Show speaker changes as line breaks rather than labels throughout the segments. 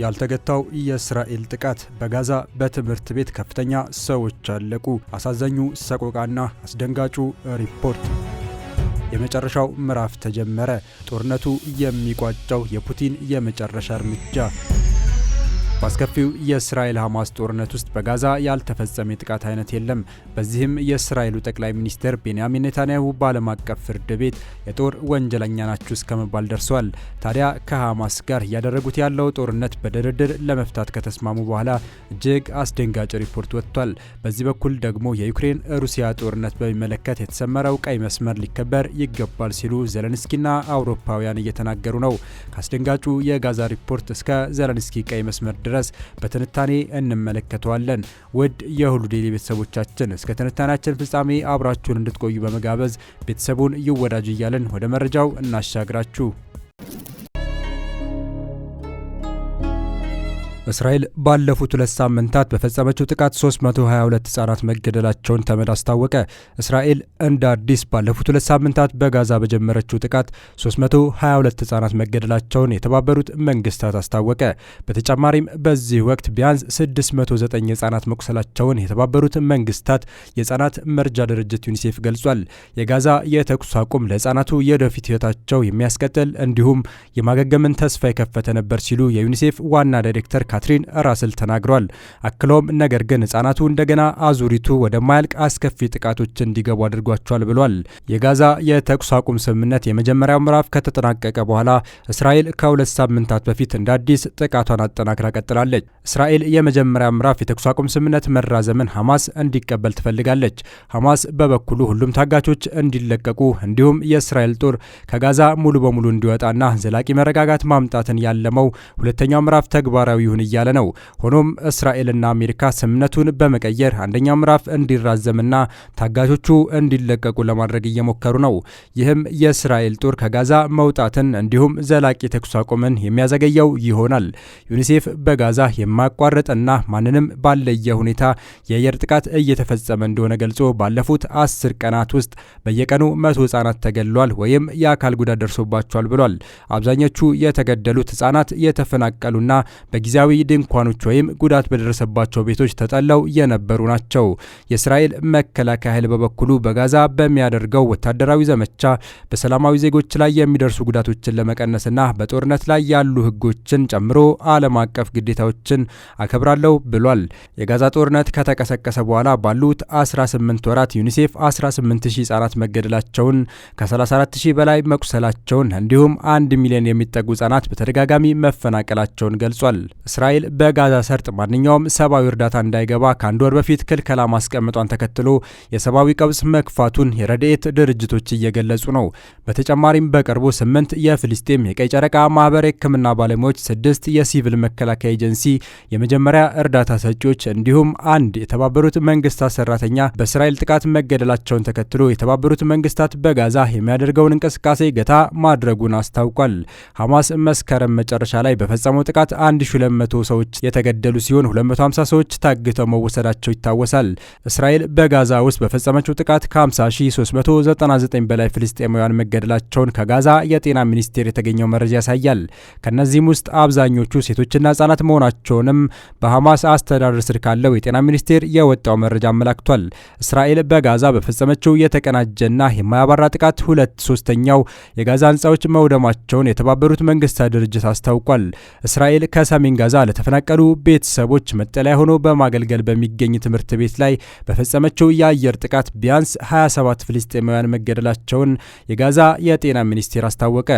ያልተገታው የእስራኤል ጥቃት በጋዛ በትምህርት ቤት ከፍተኛ ሰዎች አለቁ። አሳዛኙ ሰቆቃና አስደንጋጩ ሪፖርት የመጨረሻው ምዕራፍ ተጀመረ። ጦርነቱ የሚቋጨው የፑቲን የመጨረሻ እርምጃ በአስከፊው የእስራኤል ሐማስ ጦርነት ውስጥ በጋዛ ያልተፈጸመ የጥቃት አይነት የለም። በዚህም የእስራኤሉ ጠቅላይ ሚኒስትር ቤንያሚን ኔታንያሁ በዓለም አቀፍ ፍርድ ቤት የጦር ወንጀለኛ ናችሁ እስከ መባል ደርሷል። ታዲያ ከሐማስ ጋር እያደረጉት ያለው ጦርነት በድርድር ለመፍታት ከተስማሙ በኋላ እጅግ አስደንጋጭ ሪፖርት ወጥቷል። በዚህ በኩል ደግሞ የዩክሬን ሩሲያ ጦርነት በሚመለከት የተሰመረው ቀይ መስመር ሊከበር ይገባል ሲሉ ዘለንስኪና አውሮፓውያን እየተናገሩ ነው። ከአስደንጋጩ የጋዛ ሪፖርት እስከ ዘለንስኪ ቀይ መስመር ድረስ በትንታኔ እንመለከተዋለን። ውድ የሁሉ ዴይሊ ቤተሰቦቻችን እስከ ትንታኔያችን ፍጻሜ አብራችሁን እንድትቆዩ በመጋበዝ ቤተሰቡን ይወዳጁ እያለን ወደ መረጃው እናሻግራችሁ። እስራኤል ባለፉት ሁለት ሳምንታት በፈጸመችው ጥቃት 322 ህጻናት መገደላቸውን ተመድ አስታወቀ። እስራኤል እንደ አዲስ ባለፉት ሁለት ሳምንታት በጋዛ በጀመረችው ጥቃት 322 ህጻናት መገደላቸውን የተባበሩት መንግስታት አስታወቀ። በተጨማሪም በዚህ ወቅት ቢያንስ 609 ህጻናት መቁሰላቸውን የተባበሩት መንግስታት የህጻናት መርጃ ድርጅት ዩኒሴፍ ገልጿል። የጋዛ የተኩስ አቁም ለህጻናቱ የወደፊት ህይወታቸው የሚያስቀጥል እንዲሁም የማገገምን ተስፋ የከፈተ ነበር ሲሉ የዩኒሴፍ ዋና ዳይሬክተር ካትሪን ራስል ተናግሯል። አክለውም ነገር ግን ህጻናቱ እንደገና አዙሪቱ ወደማያልቅ አስከፊ ጥቃቶች እንዲገቡ አድርጓቸዋል ብሏል። የጋዛ የተኩስ አቁም ስምምነት የመጀመሪያው ምዕራፍ ከተጠናቀቀ በኋላ እስራኤል ከሁለት ሳምንታት በፊት እንደ አዲስ ጥቃቷን አጠናክራ ቀጥላለች። እስራኤል የመጀመሪያ ምዕራፍ የተኩስ አቁም ስምምነት መራዘምን ሐማስ እንዲቀበል ትፈልጋለች። ሐማስ በበኩሉ ሁሉም ታጋቾች እንዲለቀቁ እንዲሁም የእስራኤል ጦር ከጋዛ ሙሉ በሙሉ እንዲወጣና ዘላቂ መረጋጋት ማምጣትን ያለመው ሁለተኛው ምዕራፍ ተግባራዊ ይሁን እያለ ነው። ሆኖም እስራኤልና አሜሪካ ስምምነቱን በመቀየር አንደኛው ምዕራፍ እንዲራዘምና ታጋቾቹ እንዲለቀቁ ለማድረግ እየሞከሩ ነው። ይህም የእስራኤል ጦር ከጋዛ መውጣትን እንዲሁም ዘላቂ ተኩስ አቁምን የሚያዘገየው ይሆናል። ዩኒሴፍ በጋዛ የማያቋርጥና ማንንም ባለየ ሁኔታ የአየር ጥቃት እየተፈጸመ እንደሆነ ገልጾ ባለፉት አስር ቀናት ውስጥ በየቀኑ መቶ ህጻናት ተገድሏል ወይም የአካል ጉዳት ደርሶባቸዋል ብሏል። አብዛኞቹ የተገደሉት ህጻናት የተፈናቀሉና በጊዜያዊ ድንኳኖች ወይም ጉዳት በደረሰባቸው ቤቶች ተጠለው የነበሩ ናቸው። የእስራኤል መከላከያ ኃይል በበኩሉ በጋዛ በሚያደርገው ወታደራዊ ዘመቻ በሰላማዊ ዜጎች ላይ የሚደርሱ ጉዳቶችን ለመቀነስና በጦርነት ላይ ያሉ ሕጎችን ጨምሮ ዓለም አቀፍ ግዴታዎችን አከብራለሁ ብሏል። የጋዛ ጦርነት ከተቀሰቀሰ በኋላ ባሉት 18 ወራት ዩኒሴፍ 18000 ህጻናት መገደላቸውን ከ34000 በላይ መቁሰላቸውን እንዲሁም 1 ሚሊዮን የሚጠጉ ህጻናት በተደጋጋሚ መፈናቀላቸውን ገልጿል። እስራኤል በጋዛ ሰርጥ ማንኛውም ሰብአዊ እርዳታ እንዳይገባ ከአንድ ወር በፊት ክልከላ ማስቀመጧን ተከትሎ የሰብአዊ ቀውስ መክፋቱን የረድኤት ድርጅቶች እየገለጹ ነው። በተጨማሪም በቅርቡ ስምንት የፍልስጤም የቀይ ጨረቃ ማህበር የህክምና ባለሙያዎች፣ ስድስት የሲቪል መከላከያ ኤጀንሲ የመጀመሪያ እርዳታ ሰጪዎች እንዲሁም አንድ የተባበሩት መንግስታት ሰራተኛ በእስራኤል ጥቃት መገደላቸውን ተከትሎ የተባበሩት መንግስታት በጋዛ የሚያደርገውን እንቅስቃሴ ገታ ማድረጉን አስታውቋል። ሐማስ መስከረም መጨረሻ ላይ በፈጸመው ጥቃት 1200 200 ሰዎች የተገደሉ ሲሆን 250 ሰዎች ታግተው መወሰዳቸው ይታወሳል። እስራኤል በጋዛ ውስጥ በፈጸመችው ጥቃት ከ50399 በላይ ፍልስጤማውያን መገደላቸውን ከጋዛ የጤና ሚኒስቴር የተገኘው መረጃ ያሳያል። ከእነዚህም ውስጥ አብዛኞቹ ሴቶችና ህጻናት መሆናቸውንም በሐማስ አስተዳደር ስር ካለው የጤና ሚኒስቴር የወጣው መረጃ አመላክቷል። እስራኤል በጋዛ በፈጸመችው የተቀናጀና የማያባራ ጥቃት ሁለት ሶስተኛው የጋዛ ህንፃዎች መውደማቸውን የተባበሩት መንግስታት ድርጅት አስታውቋል። እስራኤል ከሰሜን ጋዛ ለተፈናቀሉ ቤተሰቦች መጠለያ ሆኖ በማገልገል በሚገኝ ትምህርት ቤት ላይ በፈጸመችው የአየር ጥቃት ቢያንስ 27 ፍልስጤማውያን መገደላቸውን የጋዛ የጤና ሚኒስቴር አስታወቀ።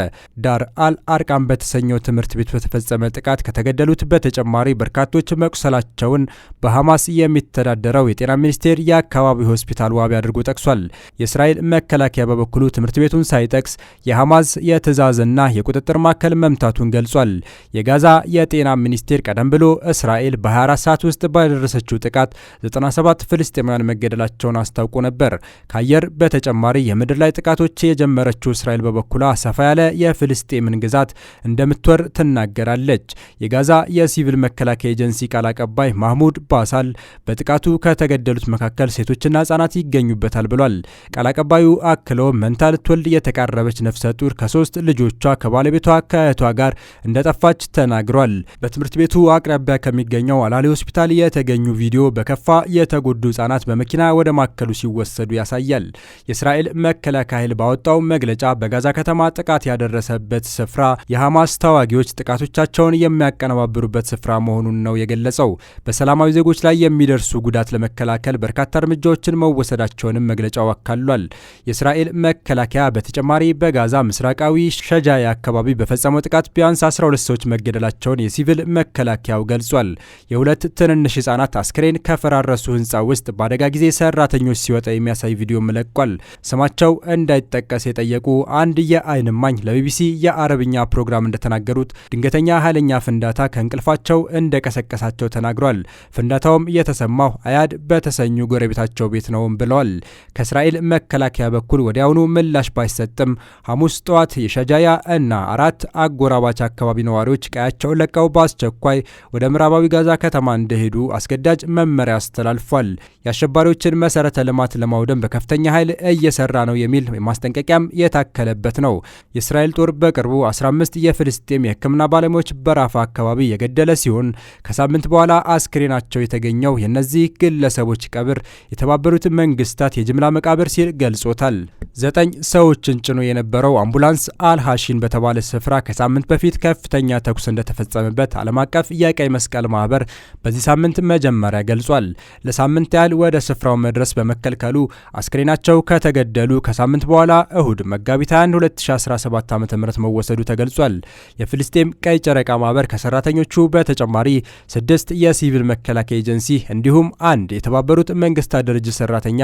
ዳር አል አርቃም በተሰኘው ትምህርት ቤት በተፈጸመ ጥቃት ከተገደሉት በተጨማሪ በርካቶች መቁሰላቸውን በሐማስ የሚተዳደረው የጤና ሚኒስቴር የአካባቢው ሆስፒታል ዋቢ አድርጎ ጠቅሷል። የእስራኤል መከላከያ በበኩሉ ትምህርት ቤቱን ሳይጠቅስ የሐማስ የትዕዛዝና የቁጥጥር ማዕከል መምታቱን ገልጿል። የጋዛ የጤና ሚኒስቴር ሚኒስቴር ቀደም ብሎ እስራኤል በ24 ሰዓት ውስጥ ባደረሰችው ጥቃት 97 ፍልስጤማውያን መገደላቸውን አስታውቆ ነበር። ከአየር በተጨማሪ የምድር ላይ ጥቃቶች የጀመረችው እስራኤል በበኩሏ ሰፋ ያለ የፍልስጤምን ግዛት እንደምትወር ትናገራለች። የጋዛ የሲቪል መከላከያ ኤጀንሲ ቃል አቀባይ ማህሙድ ባሳል በጥቃቱ ከተገደሉት መካከል ሴቶችና ህጻናት ይገኙበታል ብሏል። ቃል አቀባዩ አክለው መንታ ልትወልድ የተቃረበች ነፍሰ ጡር ከሶስት ልጆቿ ከባለቤቷ ከእህቷ ጋር እንደጠፋች ተናግሯል። በትምህርት ቤቱ አቅራቢያ ከሚገኘው አላሌ ሆስፒታል የተገኙ ቪዲዮ በከፋ የተጎዱ ህጻናት በመኪና ወደ ማዕከሉ ሲወሰዱ ያሳያል። የእስራኤል መከላከያ ኃይል ባወጣው መግለጫ በጋዛ ከተማ ጥቃት ያደረሰበት ስፍራ የሐማስ ተዋጊዎች ጥቃቶቻቸውን የሚያቀነባብሩበት ስፍራ መሆኑን ነው የገለጸው። በሰላማዊ ዜጎች ላይ የሚደርሱ ጉዳት ለመከላከል በርካታ እርምጃዎችን መወሰዳቸውንም መግለጫው አካሏል። የእስራኤል መከላከያ በተጨማሪ በጋዛ ምስራቃዊ ሸጃያ አካባቢ በፈጸመው ጥቃት ቢያንስ 12 ሰዎች መገደላቸውን የሲቪል መ መከላከያው ገልጿል። የሁለት ትንንሽ ህጻናት አስክሬን ከፈራረሱ ህንፃ ውስጥ በአደጋ ጊዜ ሰራተኞች ሲወጣ የሚያሳይ ቪዲዮም ለቋል። ስማቸው እንዳይጠቀስ የጠየቁ አንድ የአይን እማኝ ለቢቢሲ የአረብኛ ፕሮግራም እንደተናገሩት ድንገተኛ ኃይለኛ ፍንዳታ ከእንቅልፋቸው እንደቀሰቀሳቸው ተናግሯል። ፍንዳታውም የተሰማው አያድ በተሰኙ ጎረቤታቸው ቤት ነውም ብለዋል። ከእስራኤል መከላከያ በኩል ወዲያውኑ ምላሽ ባይሰጥም ሐሙስ ጠዋት የሸጃያ እና አራት አጎራባች አካባቢ ነዋሪዎች ቀያቸውን ለቀው በአስቸኳይ በአስቸኳይ ወደ ምዕራባዊ ጋዛ ከተማ እንዲሄዱ አስገዳጅ መመሪያ አስተላልፏል። የአሸባሪዎችን መሰረተ ልማት ለማውደም በከፍተኛ ኃይል እየሰራ ነው የሚል ማስጠንቀቂያም የታከለበት ነው። የእስራኤል ጦር በቅርቡ 15 የፍልስጤም የሕክምና ባለሙያዎች በራፋ አካባቢ የገደለ ሲሆን ከሳምንት በኋላ አስክሬናቸው የተገኘው የእነዚህ ግለሰቦች ቀብር የተባበሩት መንግስታት የጅምላ መቃብር ሲል ገልጾታል። ዘጠኝ ሰዎችን ጭኖ የነበረው አምቡላንስ አልሃሺን በተባለ ስፍራ ከሳምንት በፊት ከፍተኛ ተኩስ እንደተፈጸመበት አለማ አቀፍ የቀይ መስቀል ማህበር በዚህ ሳምንት መጀመሪያ ገልጿል። ለሳምንት ያህል ወደ ስፍራው መድረስ በመከልከሉ አስክሬናቸው ከተገደሉ ከሳምንት በኋላ እሁድ መጋቢት 21 2017 ዓ ም መወሰዱ ተገልጿል። የፍልስጤም ቀይ ጨረቃ ማህበር ከሰራተኞቹ በተጨማሪ ስድስት የሲቪል መከላከያ ኤጀንሲ እንዲሁም አንድ የተባበሩት መንግስታት ድርጅት ሰራተኛ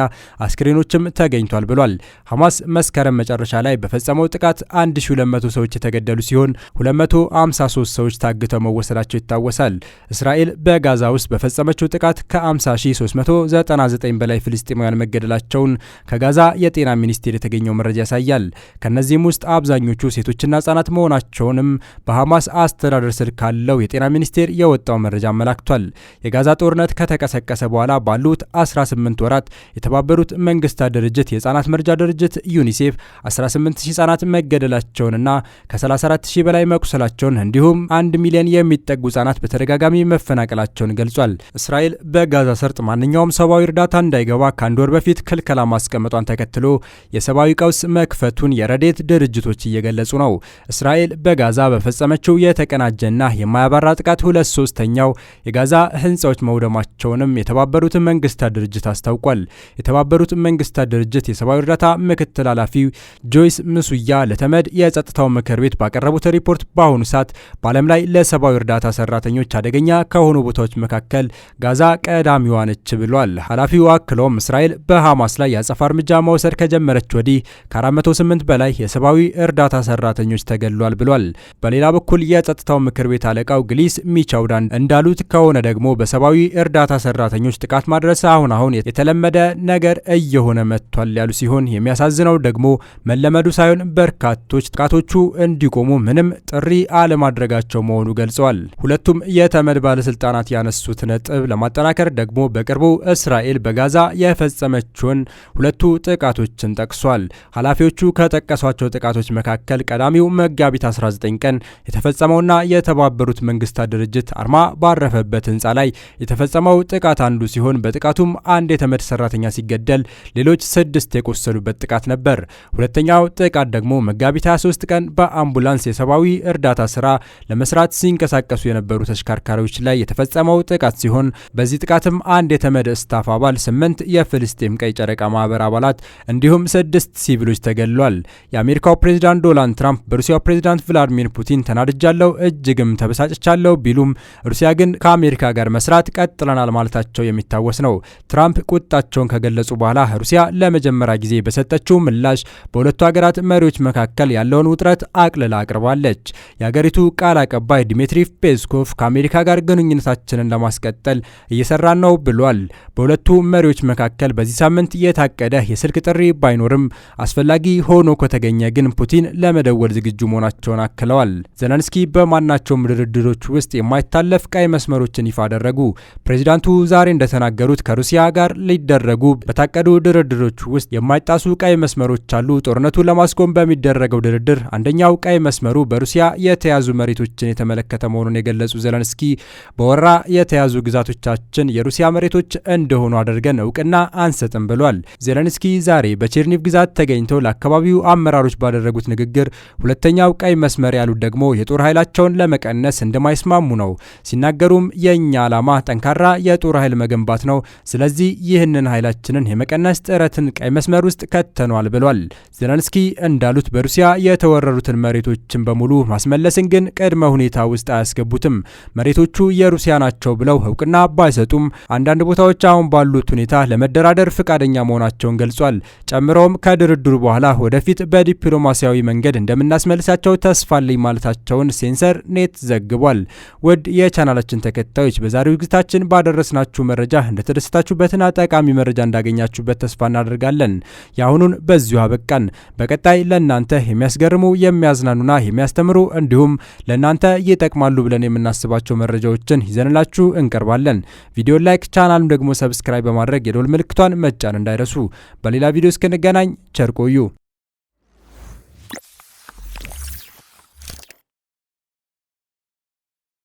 አስክሬኖችም ተገኝቷል ብሏል። ሐማስ መስከረም መጨረሻ ላይ በፈጸመው ጥቃት 1200 ሰዎች የተገደሉ ሲሆን 253 ሰዎች ታግተው መወሰዳቸው መሆናቸው ይታወሳል። እስራኤል በጋዛ ውስጥ በፈጸመችው ጥቃት ከ50399 በላይ ፍልስጤማውያን መገደላቸውን ከጋዛ የጤና ሚኒስቴር የተገኘው መረጃ ያሳያል። ከእነዚህም ውስጥ አብዛኞቹ ሴቶችና ህጻናት መሆናቸውንም በሐማስ አስተዳደር ስር ካለው የጤና ሚኒስቴር የወጣው መረጃ አመላክቷል። የጋዛ ጦርነት ከተቀሰቀሰ በኋላ ባሉት 18 ወራት የተባበሩት መንግስታት ድርጅት የህጻናት መርጃ ድርጅት ዩኒሴፍ 180 ህጻናት መገደላቸውንና ከ34000 በላይ መቁሰላቸውን እንዲሁም 1 ሚሊዮን የሚጠ የሚጠጉ ህጻናት በተደጋጋሚ መፈናቀላቸውን ገልጿል። እስራኤል በጋዛ ሰርጥ ማንኛውም ሰብአዊ እርዳታ እንዳይገባ ከአንድ ወር በፊት ክልከላ ማስቀመጧን ተከትሎ የሰብአዊ ቀውስ መክፈቱን የረዴት ድርጅቶች እየገለጹ ነው። እስራኤል በጋዛ በፈጸመችው የተቀናጀና የማያባራ ጥቃት ሁለት ሶስተኛው የጋዛ ህንፃዎች መውደማቸውንም የተባበሩት መንግስታት ድርጅት አስታውቋል። የተባበሩት መንግስታት ድርጅት የሰብአዊ እርዳታ ምክትል ኃላፊ ጆይስ ምሱያ ለተመድ የጸጥታው ምክር ቤት ባቀረቡት ሪፖርት በአሁኑ ሰዓት በዓለም ላይ ለሰብአዊ እርዳታ ሰራተኞች አደገኛ ከሆኑ ቦታዎች መካከል ጋዛ ቀዳሚዋ ነች ብሏል። ኃላፊው አክሎም እስራኤል በሐማስ ላይ የአጸፋ እርምጃ መውሰድ ከጀመረች ወዲህ ከ408 በላይ የሰብአዊ እርዳታ ሰራተኞች ተገድሏል ብሏል። በሌላ በኩል የጸጥታው ምክር ቤት አለቃው ግሊስ ሚቻውዳን እንዳሉት ከሆነ ደግሞ በሰብአዊ እርዳታ ሰራተኞች ጥቃት ማድረስ አሁን አሁን የተለመደ ነገር እየሆነ መጥቷል ያሉ ሲሆን የሚያሳዝነው ደግሞ መለመዱ ሳይሆን በርካቶች ጥቃቶቹ እንዲቆሙ ምንም ጥሪ አለማድረጋቸው መሆኑ ገልጸዋል። ሁለቱም የተመድ ባለስልጣናት ያነሱት ነጥብ ለማጠናከር ደግሞ በቅርቡ እስራኤል በጋዛ የፈጸመችውን ሁለቱ ጥቃቶችን ጠቅሷል። ኃላፊዎቹ ከጠቀሷቸው ጥቃቶች መካከል ቀዳሚው መጋቢት 19 ቀን የተፈጸመውና የተባበሩት መንግስታት ድርጅት አርማ ባረፈበት ህንፃ ላይ የተፈጸመው ጥቃት አንዱ ሲሆን በጥቃቱም አንድ የተመድ ሰራተኛ ሲገደል ሌሎች ስድስት የቆሰሉበት ጥቃት ነበር። ሁለተኛው ጥቃት ደግሞ መጋቢት 23 ቀን በአምቡላንስ የሰብአዊ እርዳታ ስራ ለመስራት ሲንቀሳቀሱ የነበሩ ተሽከርካሪዎች ላይ የተፈጸመው ጥቃት ሲሆን በዚህ ጥቃትም አንድ የተመድ ስታፍ አባል፣ ስምንት የፍልስጤም ቀይ ጨረቃ ማህበር አባላት እንዲሁም ስድስት ሲቪሎች ተገድለዋል። የአሜሪካው ፕሬዚዳንት ዶናልድ ትራምፕ በሩሲያው ፕሬዚዳንት ቭላዲሚር ፑቲን ተናድጃለው እጅግም ተበሳጭቻለሁ ቢሉም ሩሲያ ግን ከአሜሪካ ጋር መስራት ቀጥለናል ማለታቸው የሚታወስ ነው። ትራምፕ ቁጣቸውን ከገለጹ በኋላ ሩሲያ ለመጀመሪያ ጊዜ በሰጠችው ምላሽ በሁለቱ ሀገራት መሪዎች መካከል ያለውን ውጥረት አቅልላ አቅርባለች። የአገሪቱ ቃል አቀባይ ዲሚትሪ ፔስ ፔስኮቭ ከአሜሪካ ጋር ግንኙነታችንን ለማስቀጠል እየሰራ ነው ብሏል። በሁለቱ መሪዎች መካከል በዚህ ሳምንት የታቀደ የስልክ ጥሪ ባይኖርም አስፈላጊ ሆኖ ከተገኘ ግን ፑቲን ለመደወል ዝግጁ መሆናቸውን አክለዋል። ዘለንስኪ በማናቸውም ድርድሮች ውስጥ የማይታለፍ ቀይ መስመሮችን ይፋ አደረጉ። ፕሬዚዳንቱ ዛሬ እንደተናገሩት ከሩሲያ ጋር ሊደረጉ በታቀዱ ድርድሮች ውስጥ የማይጣሱ ቀይ መስመሮች አሉ። ጦርነቱ ለማስቆም በሚደረገው ድርድር አንደኛው ቀይ መስመሩ በሩሲያ የተያዙ መሬቶችን የተመለከተ መሆኑን የገለጹ ዘለንስኪ በወረራ የተያዙ ግዛቶቻችን የሩሲያ መሬቶች እንደሆኑ አድርገን እውቅና አንሰጥም ብሏል። ዜለንስኪ ዛሬ በቼርኒቭ ግዛት ተገኝተው ለአካባቢው አመራሮች ባደረጉት ንግግር ሁለተኛው ቀይ መስመር ያሉት ደግሞ የጦር ኃይላቸውን ለመቀነስ እንደማይስማሙ ነው። ሲናገሩም የእኛ ዓላማ ጠንካራ የጦር ኃይል መገንባት ነው። ስለዚህ ይህንን ኃይላችንን የመቀነስ ጥረትን ቀይ መስመር ውስጥ ከተኗል ብሏል። ዜለንስኪ እንዳሉት በሩሲያ የተወረሩትን መሬቶችን በሙሉ ማስመለስን ግን ቅድመ ሁኔታ ውስጥ አያስገቡት አይተውትም። መሬቶቹ የሩሲያ ናቸው ብለው እውቅና ባይሰጡም አንዳንድ ቦታዎች አሁን ባሉት ሁኔታ ለመደራደር ፈቃደኛ መሆናቸውን ገልጿል። ጨምረውም ከድርድሩ በኋላ ወደፊት በዲፕሎማሲያዊ መንገድ እንደምናስመልሳቸው ተስፋልኝ ማለታቸውን ሴንሰር ኔት ዘግቧል። ውድ የቻናላችን ተከታዮች በዛሬው ዝግጅታችን ባደረስናችሁ መረጃ እንደተደሰታችሁበትና ጠቃሚ መረጃ እንዳገኛችሁበት ተስፋ እናደርጋለን። የአሁኑን በዚሁ አበቃን። በቀጣይ ለእናንተ የሚያስገርሙ የሚያዝናኑና የሚያስተምሩ እንዲሁም ለእናንተ ይጠቅማሉ ብለን ብለን የምናስባቸው መረጃዎችን ይዘንላችሁ እንቀርባለን። ቪዲዮ ላይክ፣ ቻናሉን ደግሞ ሰብስክራይብ በማድረግ የዶል ምልክቷን መጫን እንዳይረሱ። በሌላ ቪዲዮ እስክንገናኝ ቸር ቆዩ።